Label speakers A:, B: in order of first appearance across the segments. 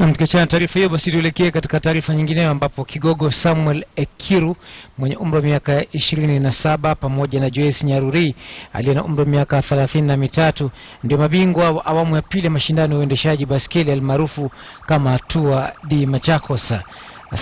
A: Nam, tukiachana taarifa hiyo basi tuelekee katika taarifa nyingineyo ambapo kigogo Samuel Ekiru mwenye umri wa miaka ishirini na saba pamoja na Joyce Nyaruri aliye na umri wa miaka thelathini na mitatu ndio mabingwa wa awamu ya pili ya mashindano ya uendeshaji baskeli almaarufu kama tua d machakosa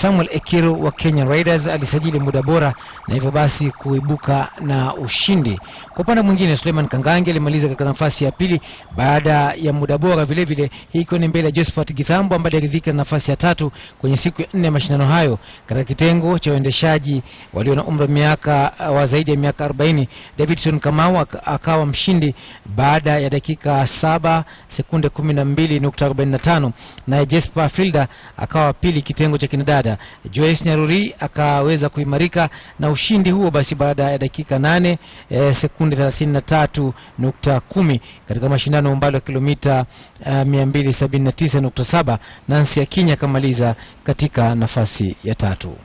A: Samuel Ekiro wa Kenya Riders alisajili muda bora na hivyo basi kuibuka na ushindi. Kwa upande mwingine, Suleiman Kangange alimaliza katika nafasi ya pili baada ya muda bora vilevile, hii ikiwa ni mbele ya Josephat Githambo ambaye aliridhika na nafasi ya tatu kwenye siku ya nne ya mashindano hayo katika kitengo cha waendeshaji walio na umri wa miaka uh, wa zaidi ya miaka 40. Davidson Kamau akawa mshindi baada ya dakika saba sekunde 12.45 naye Jesper Filda akawa pili kitengo cha kinadada ziada Joyce Nyaruri akaweza kuimarika na ushindi huo basi baada ya dakika nane e, sekunde thelathini na tatu nukta kumi katika mashindano umbali wa kilomita eh, mia mbili sabini na tisa nukta saba Nancy Akinya akamaliza katika nafasi ya tatu.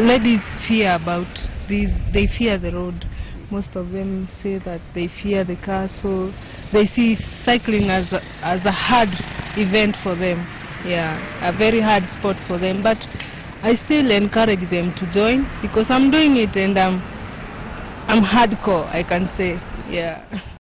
B: ladies fear about these, they fear the road. Most of them say that they fear the car, so they see cycling as a, as a hard event for them. Yeah, a very hard sport for them. But I still encourage them to join because I'm doing it and I'm I'm hardcore, I can say. Yeah.